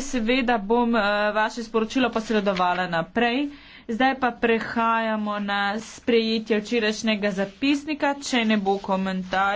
Seveda bom uh, vaše sporočilo posredovala naprej. Zdaj pa prehajamo na sprejetje včerajšnjega zapisnika, če ne bo komentar.